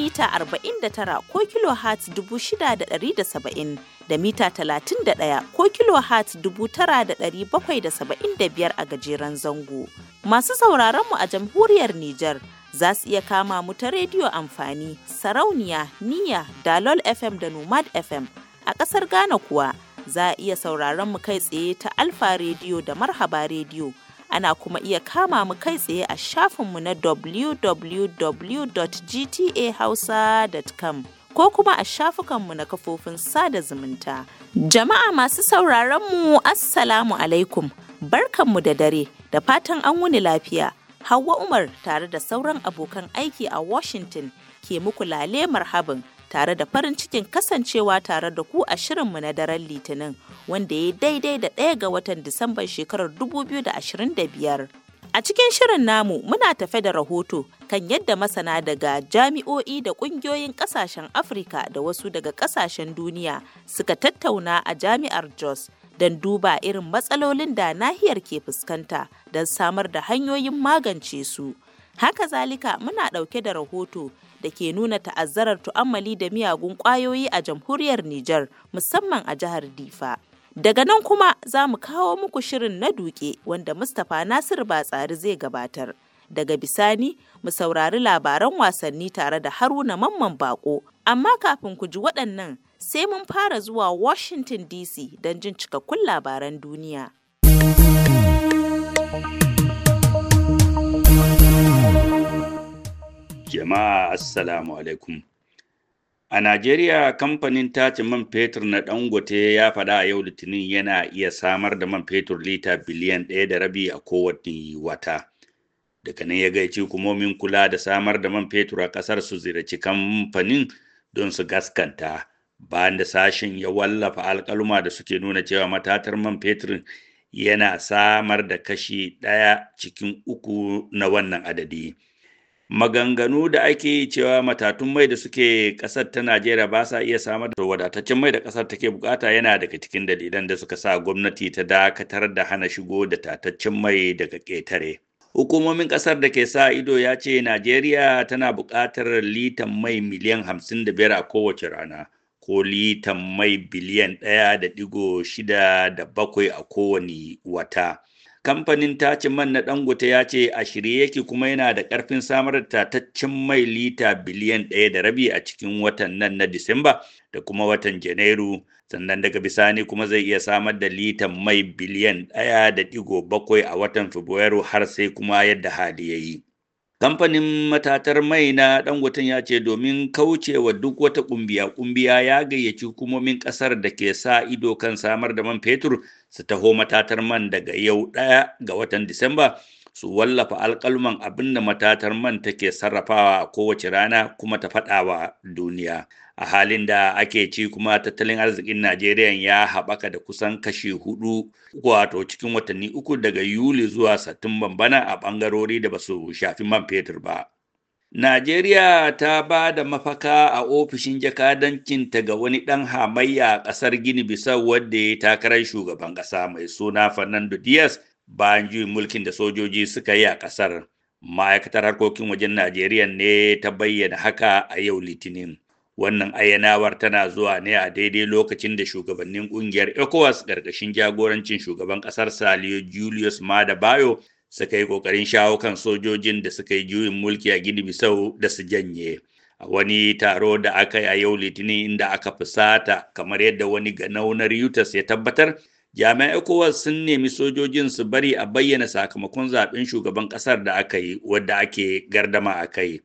mita 49 ko kilohertz 6,170 da mita 31 ko kilohertz 9,775 a gajeren zango. Masu sauraronmu a jamhuriyar Nijar za su iya kama mu ta rediyo amfani, sarauniya, niya, dalol FM da Nomad FM. A kasar Ghana kuwa za a iya sauraron mu kai tsaye ta Alfa rediyo da Marhaba rediyo. Ana kuma iya kama mu kai tsaye a shafinmu na www.gtahausa.com. ko kuma a shafukanmu na kafofin sada zumunta. Jama'a masu sauraronmu Assalamu alaikum, barkanmu da dare, da fatan an wuni lafiya. Hauwa Umar tare da sauran abokan aiki a Washington ke muku lale marhabin tare da farin cikin kasancewa tare da ku a shirinmu na daren Litinin wanda ya daidai da ɗaya ga watan Disamban shekarar 2025. A cikin shirin namu muna tafe da rahoto kan yadda masana daga jami'o'i da ƙungiyoyin ƙasashen Afirka da wasu daga ƙasashen duniya suka tattauna a jami'ar Jos. don duba irin matsalolin da nahiyar ke fuskanta don samar da hanyoyin magance su. Haka zalika muna ɗauke da rahoto da ke nuna ta'azzarar tu'ammali da miyagun ƙwayoyi a jamhuriyar Nijar musamman a jihar Difa. Daga nan kuma za mu kawo muku shirin na duke wanda Mustapha Nasiru Batsari zai gabatar. Daga bisani mu saurari labaran wasanni tare da Haruna Mamman Bako. Amma kafin ku ji waɗannan sai mun fara zuwa Washington DC don jin cikakkun labaran duniya. Jama'a Assalamu alaikum. A Najeriya kamfanin tace man fetur na Dangote ya faɗa a yau Litinin yana iya samar da man fetur lita biliyan ɗaya da rabi a kowace wata. Daga nan ya gaici hukumomin kula da samar da man fetur a ƙasar su ziraci kamfanin don su gaskanta. Bayan da sashen ya wallafa alƙaluma da suke nuna cewa matatar man fetur yana samar da kashi ɗaya cikin uku na wannan adadi. maganganu da ake cewa matatun mai da suke kasar ta Najeriya ba sa iya samar da wadataccen mai da kasar take bukata yana daga cikin dalilan da suka sa gwamnati ta dakatar da hana shigo da tataccen mai daga ƙetare. Hukumomin kasar da ke sa ido ya ce Najeriya tana buƙatar litan mai miliyan 55 a kowace rana ko litan mai biliyan 1.6 da bakwai a kowane wata. kamfanin tacin man na dangote ya ce a shirye yake kuma yana da karfin samar da tataccen mai lita biliyan ɗaya da rabi a cikin watan nan na disamba da kuma watan janairu sannan daga bisani kuma zai iya samar da litan mai biliyan ɗaya da ɗigo bakwai a watan fabrairu har sai kuma yadda hali ya yi kamfanin matatar mai na dangoten ya ce domin kaucewa duk wata kumbiya kumbiya ya gayyaci hukumomin ƙasar da ke sa ido kan samar da man fetur su taho matatar man daga yau ɗaya ga watan disamba su wallafa alkalman abin da matatar man take sarrafawa kowace rana kuma ta faɗawa duniya a halin da ake ci kuma tattalin arzikin Najeriya ya haɓaka da kusan kashi hudu wato cikin watanni uku daga Yuli zuwa Satumban bana a ɓangarori da basu su shafi man fetur ba. Najeriya ta ba da mafaka a ofishin jakadancinta ga wani ɗan hamayya a ƙasar Gini bisa wadda ya takarar shugaban ƙasa mai suna Fernando Diaz bayan juyin mulkin da sojoji suka yi a ƙasar. Ma'aikatar harkokin wajen Najeriya ne ta bayyana haka a yau Litinin. wannan ayyanawar tana zuwa ne a daidai lokacin da shugabannin kungiyar ecowas ƙarƙashin jagorancin shugaban ƙasar saliyo julius mada bayo suka yi ƙoƙarin shawo kan sojojin da suka yi juyin mulki a gini bisau da su janye a wani taro da aka yi a yau litinin inda aka fusata kamar yadda wani ganaunar yutas ya tabbatar jami'an ecowas sun nemi sojojin su bari a bayyana sakamakon zaben shugaban ƙasar da aka yi wadda ake gardama a kai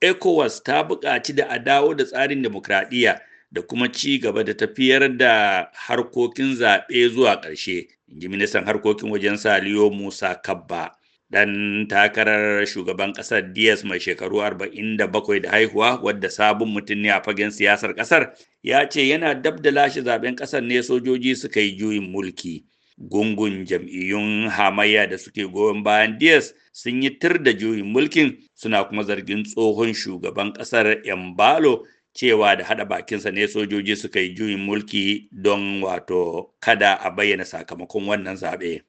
ecowas ta buƙaci da a dawo da tsarin demokradiyya da kuma ci gaba da tafiyar da harkokin zaɓe zuwa ƙarshe inji ministan harkokin wajen saliyo musa kabba dan takarar shugaban ƙasar diaz mai shekaru 47 da haihuwa wadda sabon mutum ne a fagen siyasar ƙasar ya ce yana dab da lashe zaɓen ƙasar ne sojoji suka yi juyin mulki gungun jam'iyyun hamayya da suke goyon bayan Diaz sun yi tir da juyin mulkin suna kuma zargin tsohon shugaban ƙasar Embalo cewa da hada bakinsa ne sojoji suka yi juyin mulki don wato kada a bayyana sakamakon wannan zaɓe.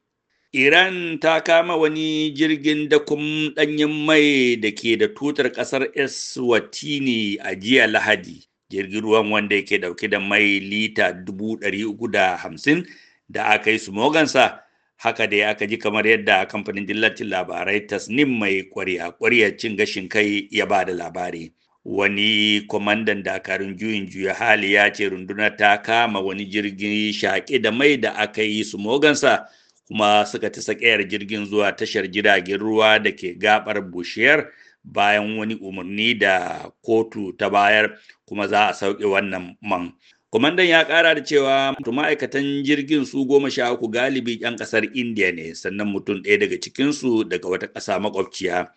Iran ta kama wani jirgin kum ɗanyen mai da ke da tutar ƙasar Eswatini a jiya Lahadi. Jirgin ruwan wanda yake ɗauke da mai lita dubu ɗari uku hamsin da aka yi su smogansa haka dai aka ji kamar yadda kamfanin dillacin labarai tasnim mai kwarya kwarya cin gashin kai ya ba da labari wani kwamandan dakarun juyin juya hali ya ce runduna ta kama wani jirgin shaƙe da mai da aka yi su mogansa kuma suka ta sakayar jirgin zuwa tashar jiragen ruwa da ke gabar bushiyar bayan wani umarni da kotu ta bayar kuma za a sauke wannan man Kwamandan ya ƙara da cewa ma'aikatan jirgin su goma sha uku galibi 'yan ƙasar India ne sannan mutum ɗaya daga cikinsu daga wata ƙasa makwabciya.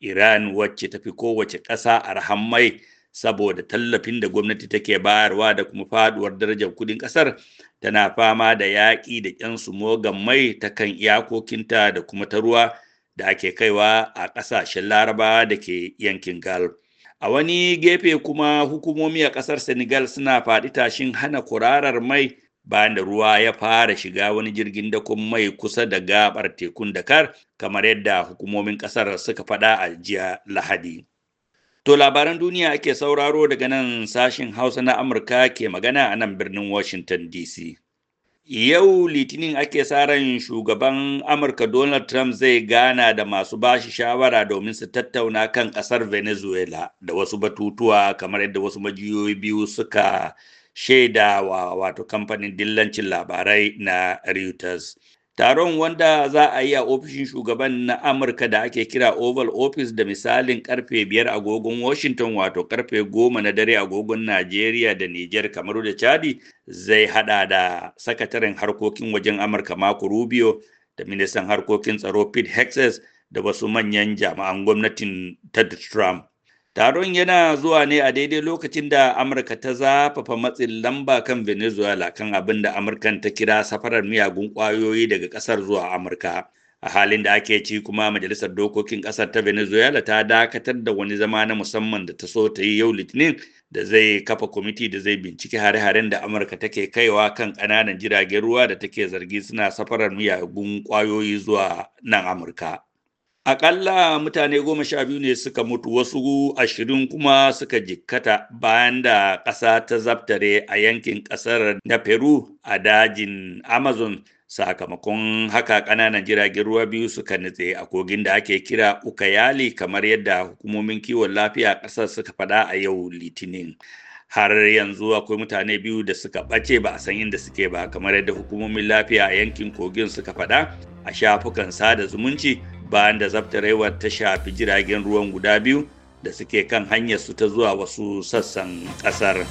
Iran wacce ta fi kowace ƙasa arhan mai saboda tallafin da gwamnati take bayarwa da kuma faduwar darajar kudin ƙasar tana fama da yaƙi da 'yan mogan mai ta kan iyakokinta da kuma ta ruwa da ake kaiwa a ƙasashen laraba da ke yankin Gulf. a wani gefe kuma hukumomi a ƙasar senegal suna faɗi tashin hana kurarar mai bayan da ruwa ya fara shiga wani jirgin dakon mai kusa da gabar tekun dakar kamar yadda hukumomin ƙasar suka faɗa a jiya lahadi to labaran duniya ake sauraro daga nan sashin hausa na amurka ke magana a nan birnin washington dc Yau Litinin ake sa ran shugaban Amurka Donald Trump zai gana da masu bashi shawara domin su tattauna kan ƙasar Venezuela da wasu batutuwa kamar yadda wasu majiyoyi biyu suka shaidawa wato kamfanin dillancin labarai na Reuters. Taron wanda za a yi a ofishin shugaban na Amurka da ake kira Oval Office da misalin karfe biyar agogon Washington wato karfe goma na dare agogon Najeriya da Nijar Kamaru da Chadi zai hada da sakataren harkokin wajen Amurka mako Rubio da ministan harkokin tsaro Pete hexes da wasu manyan jami'an gwamnatin Ted Trump. Taron yana zuwa ne a daidai lokacin da Amurka ta zafafa matsin lamba kan Venezuela kan abin da Amurkan ta kira safarar miyagun ƙwayoyi daga ƙasar zuwa Amurka. A halin da ake ci kuma Majalisar Dokokin ƙasar ta Venezuela ta dakatar da wani zama na musamman da ta so ta yi yau Litinin da zai kafa kwamiti da zai binciki hare-haren da Amurka take kaiwa kan ƙananan jiragen ruwa da take zargi suna safarar miyagun kwayoyi zuwa nan Amurka. Aƙalla mutane goma sha biyu ne suka mutu wasu ashirin kuma suka jikkata bayan da ƙasa ta zaftare a yankin ƙasar na Peru a dajin Amazon sakamakon haka ƙananan jiragen ruwa biyu suka nutse a kogin da ake kira Ukayali kamar yadda hukumomin kiwon lafiya ƙasar suka faɗa a yau Litinin. har yanzu akwai mutane biyu da suka ɓace ba a san inda suke ba kamar yadda hukumomin lafiya a yankin kogin suka faɗa a shafukan sada zumunci bayan da zabtarewar ta shafi jiragen ruwan guda biyu da suke kan hanyar su ta zuwa wasu sassan ƙasar.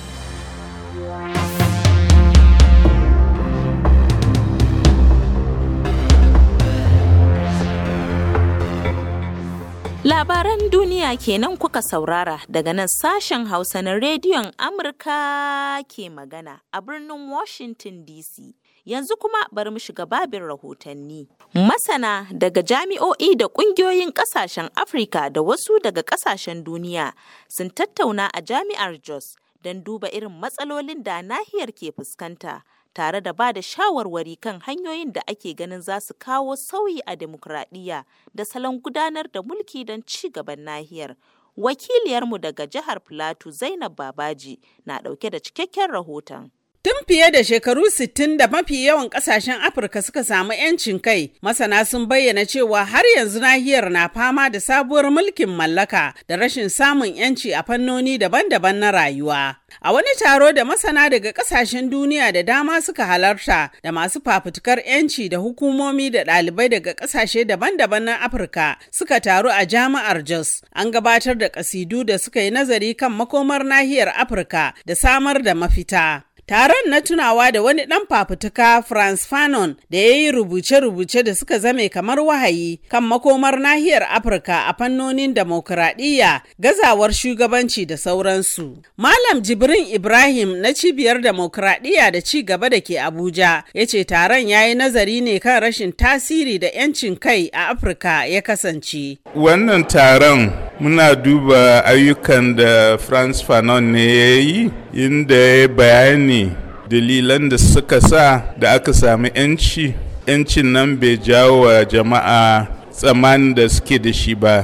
Labaran duniya kenan kuka saurara daga nan sashen Hausa na rediyon Amurka ke magana a birnin Washington DC. Yanzu kuma bari mu shiga babin rahotanni. Masana daga jami'o'i da ƙungiyoyin ƙasashen Afirka da wasu daga ƙasashen duniya sun tattauna a jami'ar Jos don duba irin matsalolin da nahiyar ke fuskanta. tare da ba da shawarwari kan hanyoyin da ake ganin za su kawo sauyi a demokradiyya da salon gudanar da mulki don ci gaban nahiyar. Wakiliyarmu daga jihar Filato Zainab Babaji na ɗauke da cikakken rahoton. Tun fiye da shekaru sittin da mafi yawan kasashen Afirka suka samu 'yancin kai, masana sun bayyana cewa har yanzu nahiyar na fama da sabuwar mulkin mallaka da rashin samun 'yanci a fannoni daban-daban na rayuwa. A wani taro da masana daga kasashen duniya da dama suka halarta da masu fafutukar 'yanci da hukumomi da ɗalibai daga kasashe daban-daban na Afirka suka taru a jami'ar Jos. An gabatar da kasidu da suka yi nazari kan makomar nahiyar Afirka da samar da mafita. Taron na tunawa da wani ɗan fafutuka Franz Fanon da ya yi rubuce-rubuce da suka zame kamar wahayi kan makomar nahiyar Afirka a fannonin demokuraɗiyya, gazawar shugabanci da sauransu. Malam Jibrin Ibrahim na cibiyar demokuraɗiyya da ci gaba da ke Abuja ya ce taron ya yi nazari ne kan rashin tasiri da 'yancin kai a Afirka ya kasance. Wannan taron muna duba ayyukan da Franz Fanon ne ya yi inda ya bayani ne dalilan da suka sa da aka samu 'yanci 'yancin nan bai jawo wa jama'a tsamanin da suke da shi ba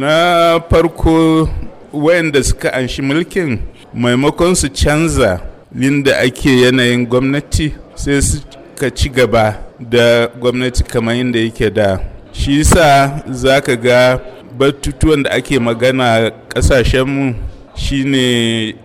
na farko wayanda suka anshi mulkin maimakon su canza linda ake yanayin gwamnati sai suka ci gaba da gwamnati kamar yadda yake da shi sa za ka ga batutuwan da ake magana ƙasashenmu shine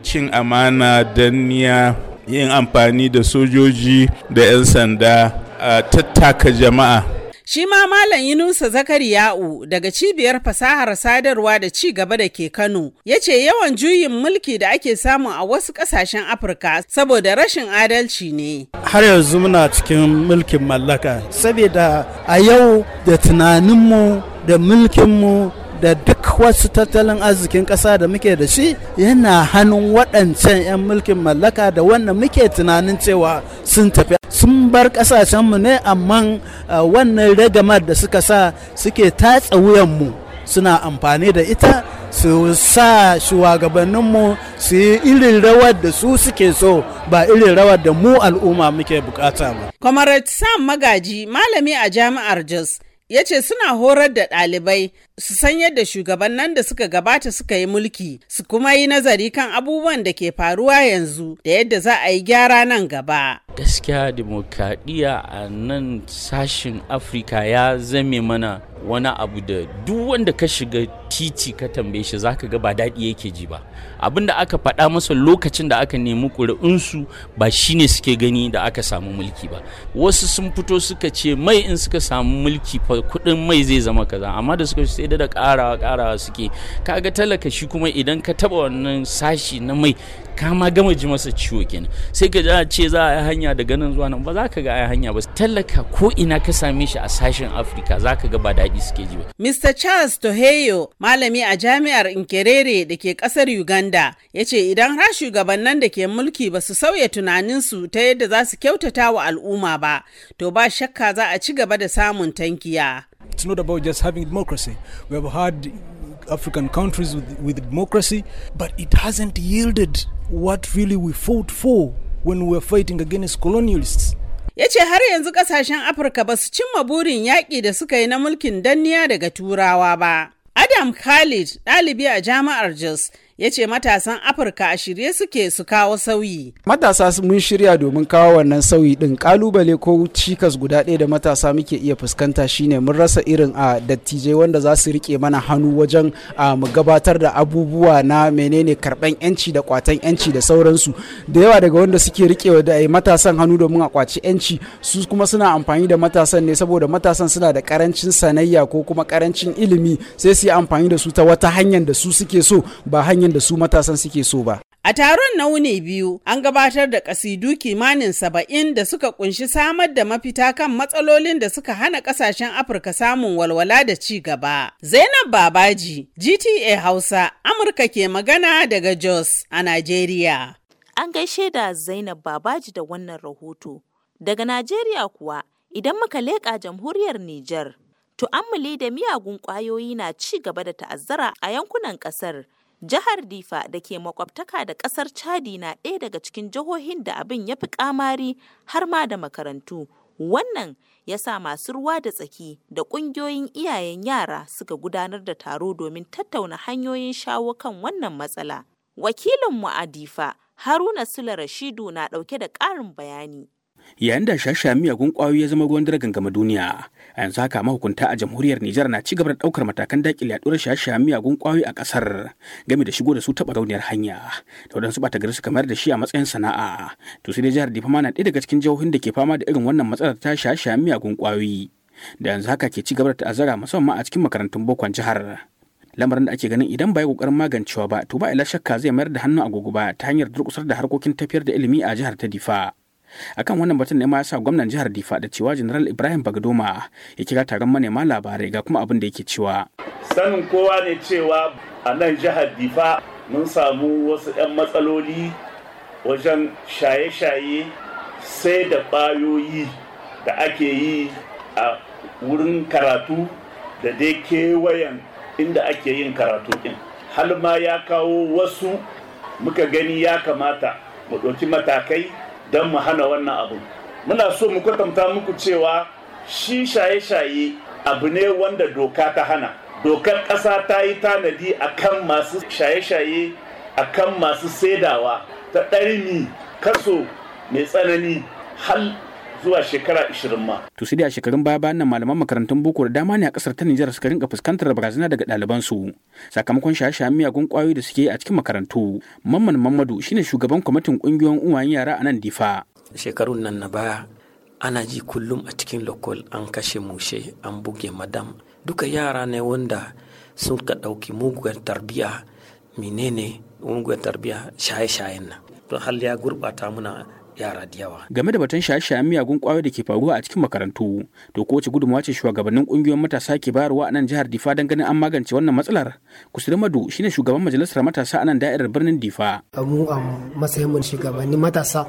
cin amana danniya yin amfani da sojoji da 'yan sanda a tattaka jama'a Shi ma Malam Yunusa Ya'u, daga cibiyar fasahar sadarwa da ci gaba da ke Kano ya ce yawan juyin mulki da ake samu a wasu ƙasashen Afirka saboda rashin adalci ne. Har yanzu muna cikin mulkin mallaka, saboda a yau da tunaninmu da mulkinmu da duk wasu tattalin arzikin ƙasa da muke da shi yana hannun waɗancan 'yan mulkin mallaka da wannan muke tunanin cewa sun tafi sun bar ƙasashenmu ne amma wannan ragamar da suka sa suke tatsa wuyanmu suna amfani da ita su sa shugabanninmu su yi irin rawar da su suke so ba irin rawar da mu al'umma muke bukata ba. Comrade Sam Magaji malami a jami'ar Jos ya ce suna horar da ɗalibai su san yadda shugabannin da suka gabata suka yi mulki su kuma yi nazari kan abubuwan da ke faruwa yanzu da yadda za a yi gyara nan gaba. Gaskiya demokradiyya a nan sashen Afirka ya zame mana wani abu da duk wanda ka shiga titi ka tambaye shi zaka ga ba daɗi yake ji ba abin da aka faɗa masa lokacin da aka nemi ƙuri'unsu ba shine suke gani da aka samu mulki ba wasu sun fito suka ce mai in suka samu mulki kuɗin mai zai zama kaza amma da suka ce sai da karawa karawa suke kaga talaka shi kuma idan ka taba wannan sashi na mai kama gama ji masa ciwo kenan sai ka a ce za a yi hanya daga nan zuwa nan ba za ka ga a hanya ba talaka ko ina ka same shi a sashen afirka za ka ga ba daɗi suke ji ba. mr charles toheyo malami a jami'ar inkerere da ke ƙasar uganda ya ce idan har shugabannin da ke mulki ba su sauya tunaninsu ta yadda za su kyautata wa al'umma ba to ba shakka za a ci gaba da samun tankiya. It's not about just having democracy. We have had African countries with, with democracy, but it hasn't yielded what really we fought for when we were fighting against colonialists. ya ce har yanzu kasashen afirka ba su cimma burin yaƙi da suka yi na mulkin danniya daga turawa ba adam khalid ɗalibi a jami'ar jos ya ce matasan Afirka a shirye suke su kawo sauyi. Matasa mun shirya domin kawo wannan sauyi din kalubale ko cikas guda ɗaya da matasa muke iya fuskanta shine mun rasa irin a dattijai wanda za su riƙe mana hannu wajen mu gabatar da abubuwa na menene karɓan 'yanci da kwatan 'yanci da sauransu. Da yawa daga wanda suke wa da matasan hannu domin a kwaci 'yanci su kuma suna amfani da matasan ne saboda matasan suna da karancin sanayya ko kuma karancin ilimi sai su yi amfani da su ta wata hanyar da su suke so ba hanyar da su matasan suke so ba. A taron na wuni biyu an gabatar da kasidu kimanin saba'in da suka kunshi samar da mafita kan matsalolin da suka hana kasashen Afirka samun walwala da ci gaba. Zainab Babaji, GTA Hausa, Amurka ke magana daga Jos a Najeriya. An gaishe da Zainab Babaji da wannan rahoto. Daga Najeriya kuwa, idan muka leƙa jamhuriyar Nijar, to tu'ammuli da miyagun ƙwayoyi na ci gaba da ta'azzara a yankunan ƙasar. Jihar Difa da ke makwabtaka da ƙasar Chadi na ɗaya daga cikin jihohin da abin ya fi ƙamari har ma da makarantu. Wannan ya sa masu ruwa da tsaki da ƙungiyoyin iyayen yara suka gudanar da taro domin tattauna hanyoyin shawo kan wannan matsala. Wakilinmu a Difa, Haruna Sula Rashidu na ɗauke da ƙarin bayani. yayin da shasha miyagun kwayoyi ya zama ruwan dare gangama duniya a yanzu haka mahukunta a jamhuriyar Nijar na cigaba da daukar matakan dakile yaduwar shasha miyagun kwayoyi a kasar game da shigo da su ta barauniyar hanya da wadansu ta gari su kamar da shi a matsayin sana'a to sai dai jihar Difa na ɗaya daga cikin jihohin da ke fama da irin wannan matsalar ta shasha miyagun kwayoyi da yanzu haka ke ci gaba da ta'azzara musamman a cikin makarantun bokon jihar lamarin da ake ganin idan ba ya kokarin magancewa ba to ba ila shakka zai mayar da hannu a ta hanyar durkusar da harkokin tafiyar da ilimi a jihar ta Difa akan wannan batun ne ma ya sa gwamnan jihar difa da cewa general ibrahim bagdoma ya kira taron manema labarai ga kuma abin da yake cewa sanin kowa ne cewa a nan jihar difa mun samu wasu 'yan matsaloli wajen shaye-shaye sai da ƙwayoyi da ake yi a wurin karatu da dai kewayen inda ake yin karatu ɗin ma ya kawo wasu muka gani ya kamata mu ɗauki matakai don mu hana wannan abun muna so mu kwatanta muku cewa shi shaye-shaye abu ne wanda doka ta hana dokar ƙasa ta yi tanadi a kan masu shaye-shaye a kan masu saidawa ta ɗarimi kaso mai tsanani hal zuwa shekara 20 ma. To sai da shekarun baya bayan nan malaman makarantun boko da dama ne a kasar ta Nijar suka rinka fuskantar barazana daga ɗaliban su sakamakon shaye-shayen miyagun kwayoyi da suke a cikin makarantu. Mamman Mamadu shine shugaban kwamitin kungiyoyin uwayen yara a nan Difa. Shekarun nan na baya ana ji kullum a cikin lokal an kashe mushe an buge madam duka yara ne wanda sun ka ɗauki muguwar tarbiya menene muguwar tarbiya shaye-shayen nan. To hal ya gurɓata muna yara da yawa. Game da batun shaye-shayen miyagun kwayo da ke faruwa a cikin makarantu, to ko wace gudunmawa ce shugabannin kungiyoyin matasa ke bayarwa a nan jihar Difa don ganin an magance wannan matsalar? Kusuri Madu ne shugaban majalisar matasa a nan da'irar birnin Difa. Mu a matsayin mun shugabannin matasa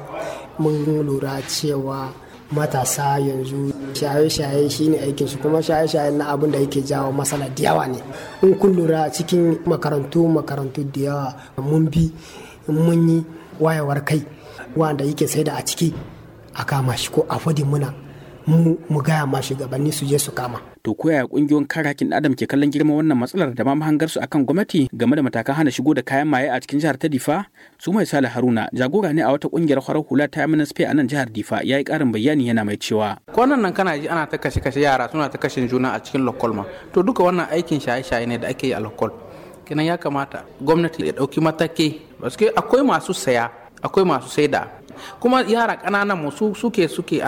mun lura cewa matasa yanzu shaye-shaye shine aikin su kuma shaye-shaye na abin da yake jawo matsala da yawa ne in kun lura cikin makarantu makarantu da yawa mun bi mun yi wayewar kai wanda yake sai da a ciki a kama shi ko a fadi muna mu gaya ma shugabanni su je su kama. To ko kungiyoyin kare hakkin adam ke kallon girma wannan matsalar da ma mahangar su akan gwamnati game da matakan hana shigo da kayan maye a cikin jihar ta Difa? Su mai sala Haruna jagora ne a wata kungiyar farar hula ta MNSP a nan jihar Difa ya yi karin bayani yana mai cewa. Kwanan nan kana ji ana ta kashe kashe yara suna ta kashe juna a cikin ma To duka wannan aikin shaye-shaye ne da ake yi a lokol. Kenan ya kamata gwamnati ya dauki matake. Basu akwai masu saya akwai masu saida kuma yara kananan mu su suke suke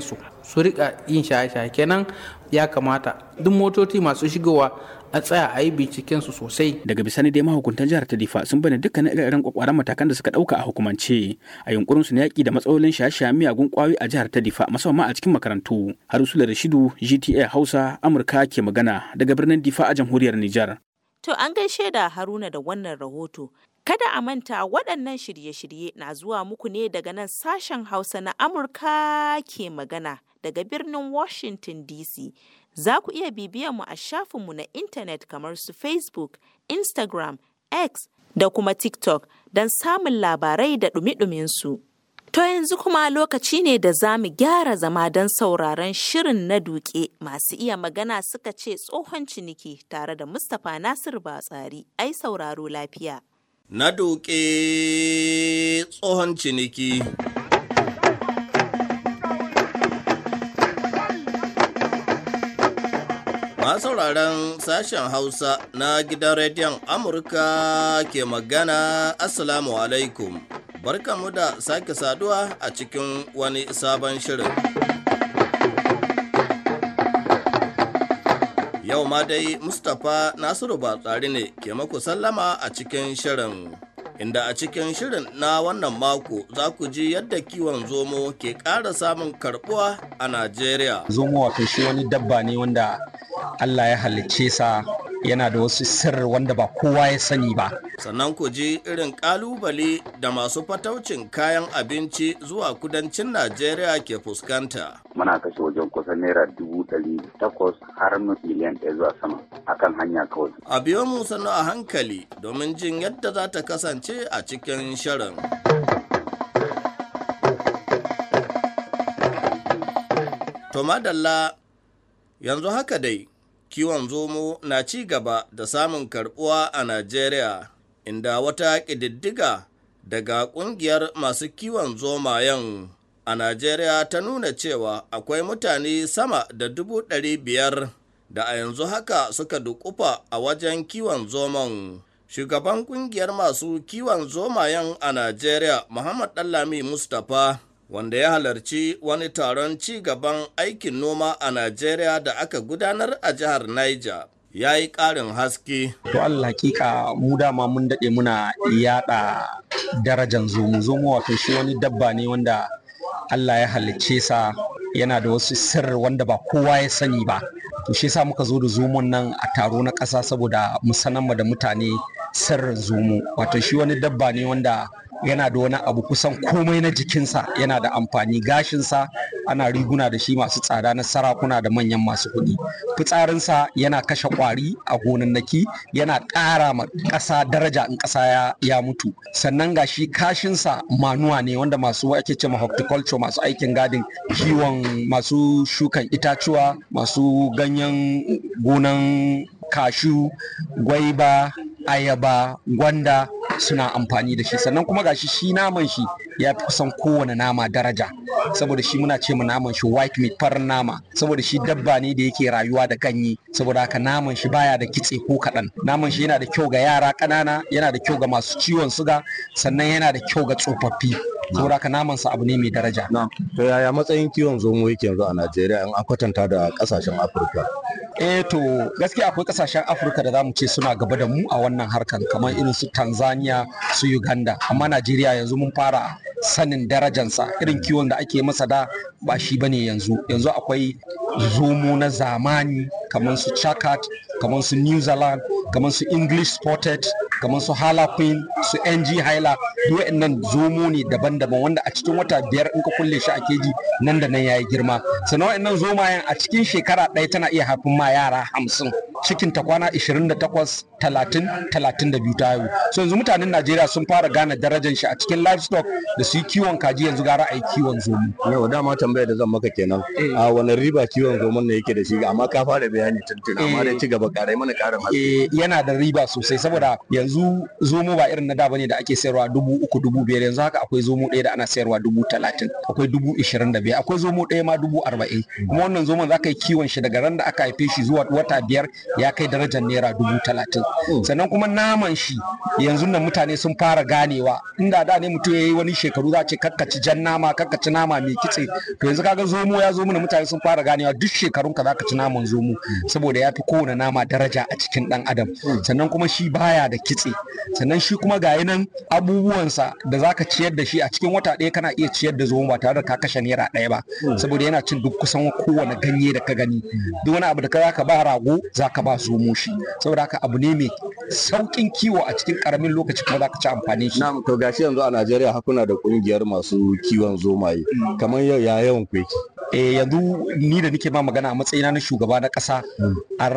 su su rika yin shaye-shaye kenan ya kamata duk motoci masu shigowa a tsaya a yi binciken su sosai daga bisani dai mahukuntan jihar ta difa sun bane dukkanin irin kwakwaran matakan da suka dauka a hukumance a yunkurin su na yaki da matsalolin shaye-shaye miyagun kwayoyi a jihar ta difa musamman a cikin makarantu harusula rashidu gta hausa amurka ke magana daga birnin difa a jamhuriyar nijar To an gaishe da Haruna da wannan rahoto Kada a manta waɗannan shirye-shirye na zuwa muku ne daga nan sashen Hausa na Amurka ke magana daga birnin Washington DC. Za ku iya bibiya mu a shafinmu na intanet kamar su Facebook, Instagram, X da kuma TikTok don samun labarai da ɗumi su. To yanzu kuma lokaci ne da za mu gyara zama don sauraron shirin na duke masu iya magana suka ce tsohon ciniki tare da Mustapha Nasiru Batsari ai sauraro lafiya. na doke tsohon ciniki. sauraron sashen Hausa na gidan rediyon Amurka ke magana Assalamu alaikum. Barkanmu da sake saduwa a cikin wani sabon shirin. Yau ma dai Mustapha Nasiru Batsari ne ke maku sallama a cikin shirin. Inda a cikin shirin na wannan mako za ku ji yadda kiwon zomo ke ƙara samun karɓuwa a Najeriya. Zomo wato shi wani dabba ne wanda Allah ya halicce sa yana da wasu sirri wanda ba kowa ya sani ba sannan ku ji irin kalubale da masu fataucin kayan abinci zuwa kudancin najeriya ke fuskanta muna kashe wajen kusan naira dubu ɗari takwas har miliyan ɗaya zuwa sama akan hanya kawai a biyo mu sannu a hankali domin jin yadda za ta kasance a cikin shirin Tomadalla yanzu haka dai kiwon zomo na ci gaba da samun karbuwa a Najeriya, inda wata ƙididdiga daga ƙungiyar masu kiwon zomayen a Najeriya ta nuna cewa akwai mutane sama da dubu ɗari biyar da a yanzu haka suka dukufa a wajen kiwon zomon. Shugaban ƙungiyar masu kiwon zomayen a Najeriya, Muhammad Dallami Mustapha. wanda ya halarci wani taron ci gaban aikin noma a Najeriya da aka gudanar a jihar Niger. ya yi ƙarin haske. To Allah hakika mu dama mun daɗe muna yaɗa darajan zomo. Zomo wato shi wani dabba ne wanda Allah ya halicce sa yana da wasu sirri wanda ba kowa ya sani ba. To shi sa muka zo da zomon nan a taro na ƙasa saboda mu sanar da mutane sirrin zomo. Wato shi wani dabba ne wanda yana da wani abu kusan komai na jikinsa yana da amfani gashinsa ana riguna da shi masu tsada na sarakuna da manyan masu kuɗi fitsarinsa yana kashe ƙwari a gonannaki yana ƙara ma ƙasa daraja in ƙasa ya, mutu sannan ga shi kashinsa manuwa ne wanda masu ake ce horticulture masu aikin gadin kiwon masu shukan itacuwa masu ganyen gonan kashu gwaiba ayaba gwanda suna amfani da shi sannan kuma gashi shi naman shi ya fi kusan kowane nama daraja saboda shi muna ce mu naman shi white meat farin nama saboda shi dabba ne da yake rayuwa da ganye saboda haka naman shi baya da kitse ko kaɗan naman shi yana da kyau ga yara ƙanana yana da kyau ga masu ciwon suga sannan yana da kyau ga tsofaffi saboda haka naman sa abu ne mai daraja to yaya matsayin kiwon zomo yake yanzu a Najeriya in an kwatanta da kasashen Afirka eh to gaskiya akwai kasashen Afirka da zamu ce suna gaba da mu a wannan harkan kamar irin su Tanzania su Uganda amma Najeriya yanzu mun fara sanin darajansa irin kiwon da ake masa da ba shi bane yanzu yanzu akwai zomo na zamani kamar su chakat kamar su new zealand kamar su english spotted kamar su hala queen su ng haila in nan zomo ne daban-daban wanda a cikin wata biyar in ka kulle shi a keji nan da nan ya yi girma sannan nan zomayen a cikin shekara ɗaya tana iya haifin ma yara hamsin cikin ta kwana 28 30 32 ta haihu so yanzu mutanen najeriya sun fara gane darajar shi a cikin livestock da su yi kiwon kaji yanzu gara a yi kiwon zomo yau dama tambaya da zan maka kenan eh. a wani riba kiwon zomon ne yake da shi amma ka fara bayani tuntun, amma da eh. ci gaba karai mana karin eh, yana da riba sosai saboda yanzu yanzu zomo ba irin na da bane da ake sayarwa dubu uku dubu biyar yanzu haka akwai zomo ɗaya da ana sayarwa dubu talatin akwai dubu ishirin da biyar akwai zomo ɗaya ma dubu arba'in kuma wannan zomon za ka yi kiwon shi daga ran da aka haife shi zuwa wata biyar ya kai darajar naira dubu talatin hmm. sannan kuma naman shi yanzu nan mutane sun fara ganewa inda da ne mutum ya yi wani shekaru za a ce kakkaci jan nama kakkaci nama mai kitse to yanzu kaga zomo ya zo mana mutane sun fara ganewa duk shekarun ka za ka ci naman zomo saboda ya fi kowane nama daraja a cikin dan adam hmm. sannan kuma shi baya da kitse kitse sannan shi kuma ga yanan abubuwansa da za ka ciyar da shi a cikin wata ɗaya kana iya ciyar da zomo ba tare da ka kashe naira ɗaya ba hmm. saboda yana cin duk kusan kowane ganye da ka gani hmm. duk wani abu da ka ka ba rago za ka ba zomo shi saboda haka abu ne mai saukin kiwo a cikin karamin lokaci kuma za ka ci amfani shi na'am to gashi yanzu a Najeriya hakuna da kungiyar masu kiwon zomaye hmm. kamar yau ya yawan kwe. eh yanzu ni da nake ma magana a matsayina na shugaba na ƙasa an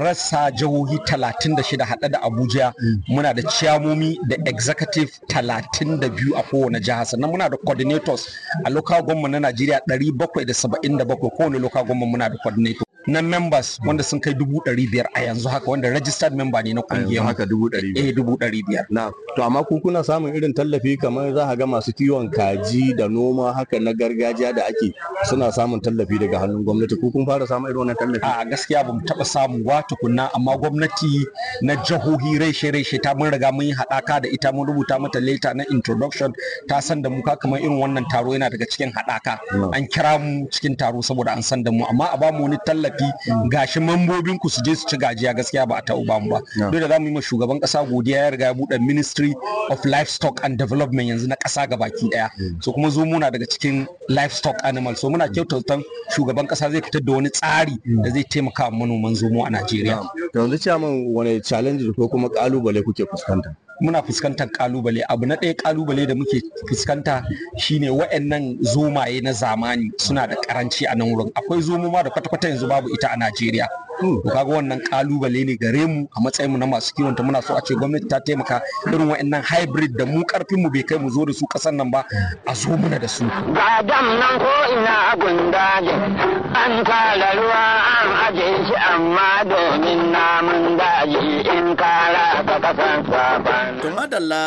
talatin jihohi shida haɗe da Abuja muna da ciyamomi da executive Talatin da biyu a kowane jiha sannan muna da coordinators a local government na Najeriya 777 kowane local government muna da coordinator na members wanda sun kai dubu ɗari biyar a yanzu haka wanda registered member ne na kungiyar haka dubu ɗari biyar eh dubu ɗari biyar na to amma ku kuna samun irin tallafi kamar za ga masu kiwon kaji da noma haka na gargajiya da ake suna samun tallafi daga hannun gwamnati ku kun fara samun irin wannan tallafi a gaskiya bamu taɓa samu wa tukunna amma gwamnati na jihohi reshe reshe ta mun riga mun yi haɗaka da ita mun rubuta mata leta na introduction ta san da mu ka kamar irin wannan taro yana daga cikin haɗaka an kira mu cikin taro saboda an san da mu amma a mu wani tallafi zafi gashi mambobin ku su je su ci gajiya gaskiya ba a ta uba ba dole da zamu yi ma shugaban kasa godiya ya riga ya buɗe ministry of livestock and development yanzu na kasa gabaki daya mm. so kuma zo muna daga cikin livestock animal so muna kyautatan shugaban kasa zai fitar da wani tsari mm. da zai taimaka manoman zomo a Najeriya yanzu ciyaman wani challenge ko kuma kalubale kuke fuskanta muna fuskantar kalubale abu na ɗaya kalubale da muke fuskanta shine wa'annan zomaye na zamani suna da karanci a nan wurin akwai zomoma da kwata-kwata yanzu babu ita a najeriya to ga wannan kalubale ne gare mu a matsayin mu na masu kiwon ta muna so a ce gwamnati ta taimaka irin wa'annan hybrid da mu karfin mu bai kai mu zo da su kasan nan ba a zo muna da su ga dam nan ko ina gundajin an tara ruwa an aje shi amma domin namun daji in kara ka kasan saban to madalla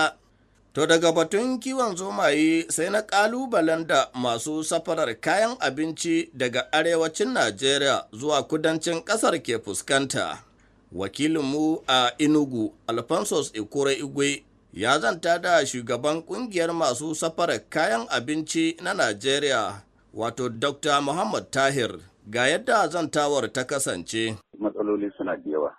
To daga batun kiwon zomaye sai na ƙalubalen da masu safarar kayan abinci daga arewacin Najeriya zuwa kudancin ƙasar ke fuskanta. Wakilinmu a Inugu, Alphonsus Ikure Igwe, ya zanta da shugaban ƙungiyar masu safarar kayan abinci na Najeriya, wato Dr. Muhammad Tahir, ga yadda zantawar ta kasance. Matsaloli suna da yawa.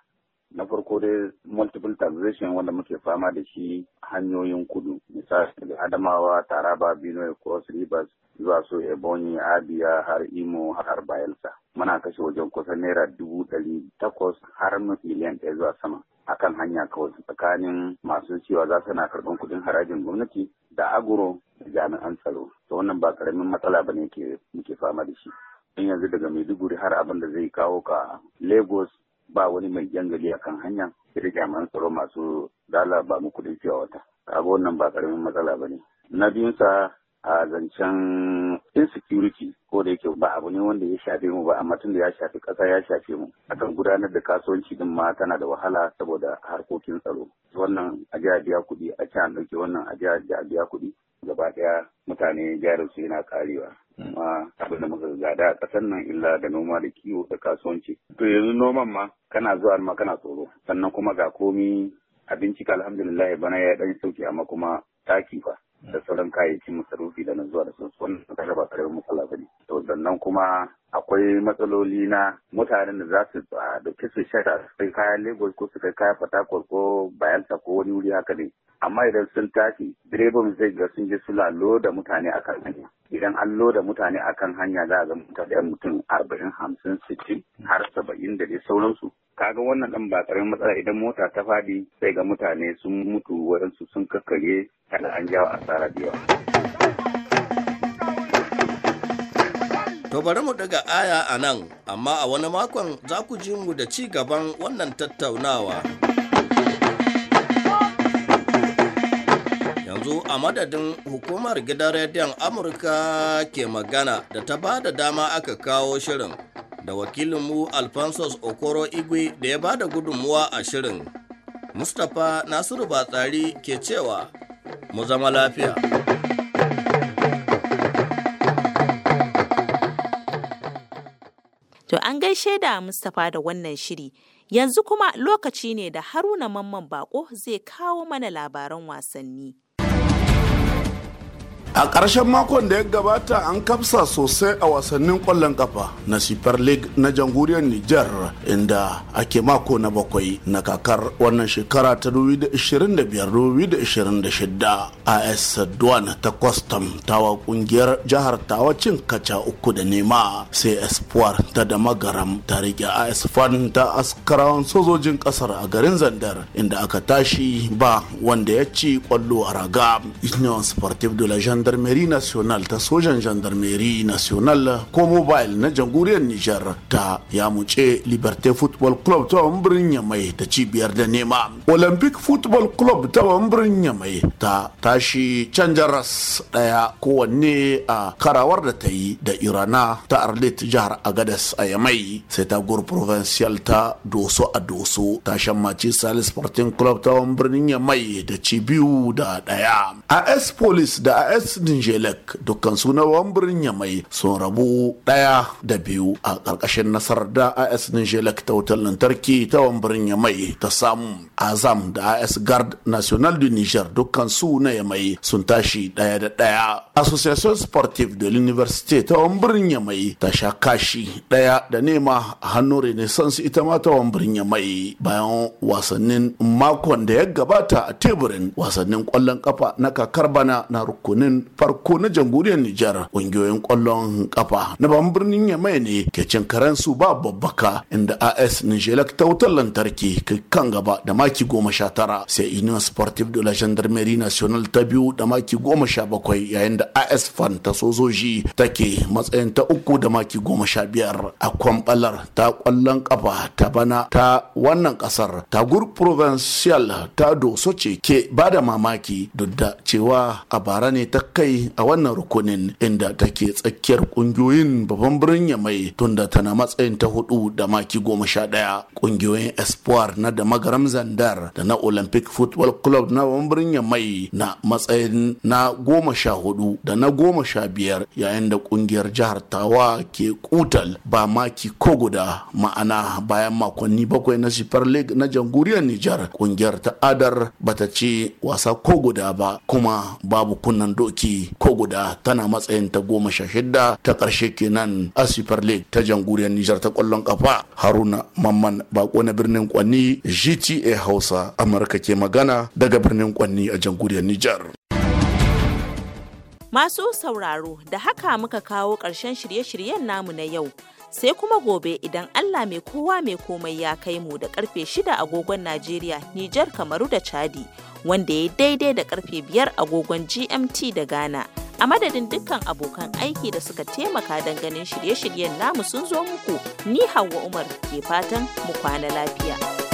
na farko dai multiple taxation wanda muke fama da shi hanyoyin kudu misali adamawa taraba benue cross rivers zuwa su ebonyi abia har imo har bayelsa muna kashe wajen kusan naira dubu ɗari takwas har miliyan ɗaya zuwa sama akan hanya kawai tsakanin masu cewa za su na karɓar kuɗin harajin gwamnati da agro da jami'an tsaro to wannan ba karamin matsala ba ne muke fama da shi yanzu daga maiduguri har abin da zai kawo ka lagos ba wani mai jangali a kan hanya sai da jami'an tsaro masu dala ba mu kuɗin fiye wata kaga wannan ba karamin matsala ba ne na biyunsa a zancen insecurity ko da yake ba abu ne wanda ya shafe mu ba amma tun da ya shafi ƙasa ya shafe mu akan gudanar da kasuwanci din ma tana da wahala saboda harkokin tsaro wannan a biya kuɗi a ci an ɗauke wannan a biya kuɗi gaba daya mutane jarin su yana karewa kuma abin da muka gada a ƙasar nan illa da noma da kiwo da kasuwanci to yanzu noman ma kana zuwa ma kana tsoro sannan kuma ga komi abinci ka alhamdulillah bana ya dan sauki amma kuma taki fa da sauran kayayyakin masarufi da na zuwa da sun wannan ta raba karamin matsala ne to sannan kuma akwai matsaloli na mutanen da za su ah, dauke su shaida su kai kayan lagos ko su kai kayan fatakwal ko bayelsa ko wani wuri haka ne amma idan sun tashi direban zai ga sun je su lalo da mutane akan hanya idan an loda mutane akan hanya za a ga mutane mutum arba'in hamsin sittin har saba'in da dai sauransu kaga wannan dan ba karamin matsala idan mota ta fadi sai ga mutane sun mutu waɗansu sun kakkare kada an jawo asara da yawa To bari mu daga aya a nan, amma a wani makon za ku ji mu da ci gaban wannan tattaunawa. Yanzu a madadin hukumar gidan rediyon Amurka ke magana da ta ba da dama aka kawo shirin, da wakilinmu Alphonsus Okoro Igwe da ya ba da gudunmuwa a shirin. Mustapha Nasiru Batsari ke cewa, mu zama lafiya. To an gaishe da Mustapha da wannan shiri. Yanzu kuma lokaci ne da Haruna Mamman Bako zai kawo mana labaran wasanni. a ƙarshen makon da ya gabata an kafsa sosai a wasannin ƙwallon ƙafa na super league na jamhuriyar niger inda ake mako na bakwai na kakar wannan shekara ta 2025-2026 as duwan ta kwastam tawa ƙungiyar jihar tawa cin kaca uku da nema sai espoir ta da magaram ta rike as fan ta askarawan sojojin ƙasar a garin zandar inda aka tashi ba wanda ya ci ƙwallo a raga union sportive de gendarmerie national ta sojan gendarmerie national ko mobile na jamhuriyar nijar ta yamuce liberté football club ta wambirin yamai ta cibiyar da nema olympic football club ta wambirin yamai ta tashi canjar ras daya kowanne a karawar da ta yi da irana ta arlit jihar agadas a yamai sai ta gur provincial ta doso a doso ta shammaci salis sporting club ta wambirin yamai da cibiyu da daya as police da as AS Jelek dukkan su na ya mai sun rabu ɗaya da biyu a ƙarƙashin nasarar da AS Dinjelek ta wutar lantarki ta ya Yamai ta samu Azam da AS Guard National du Niger dukkan su na Yamai sun tashi ɗaya da ɗaya. Association Sportive de l'Université ta ya Yamai ta sha kashi ɗaya da nema a hannun Renaissance ita ma ta ya Yamai bayan wasannin makon da ya gabata a teburin wasannin ƙwallon ƙafa na kakar bana na rukunin farko na jamhuriyar Nijar ƙungiyoyin ƙwallon kafa na ban birnin Yamai ne ke cin karensu ba babbaka inda AS Nijelak ta wutar lantarki kan gaba da maki goma sha tara sai Union Sportive de la Gendarmerie National ta biyu da maki goma sha bakwai yayin da AS Fan ta sojoji take matsayin ta uku da maki goma sha biyar a kwambalar ta kwallon kafa ta bana ta wannan ƙasar gur provincial ta doso ce ke bada mamaki duk da cewa a bara ne ta kai a wannan rukunin inda take tsakiyar kungiyoyin babban birnin yamai tunda tana matsayin ta hudu da maki goma sha daya kungiyoyin espoir na da magaram zandar da na olympic football club na babban birnin yamai na matsayin na goma sha hudu da na goma sha biyar yayin da kungiyar jihar tawa ke kutal ba maki ko guda ma'ana bayan makonni bakwai na super league na janguriyar nijar kungiyar ta adar bata ce wasa ko guda ba kuma babu kunnan doki doki ko guda tana matsayin ta goma sha shida ta ƙarshe kenan a super league ta janguriyar nijar ta ƙwallon ƙafa haruna mamman bako na birnin kwanni gta hausa amurka ke magana daga birnin kwanni a janguriyar nijar masu sauraro da haka muka kawo ƙarshen shirye-shiryen namu na yau sai kuma gobe idan Allah mai kowa mai komai ya kai mu da karfe shida agogon Najeriya, Nijar, Kamaru da Chadi, wanda ya daidai da karfe biyar agogon GMT da Ghana. A madadin dukkan abokan aiki da suka taimaka don ganin shirye-shiryen namu sun zo muku, ni Hauwa Umar ke fatan mu kwana lafiya.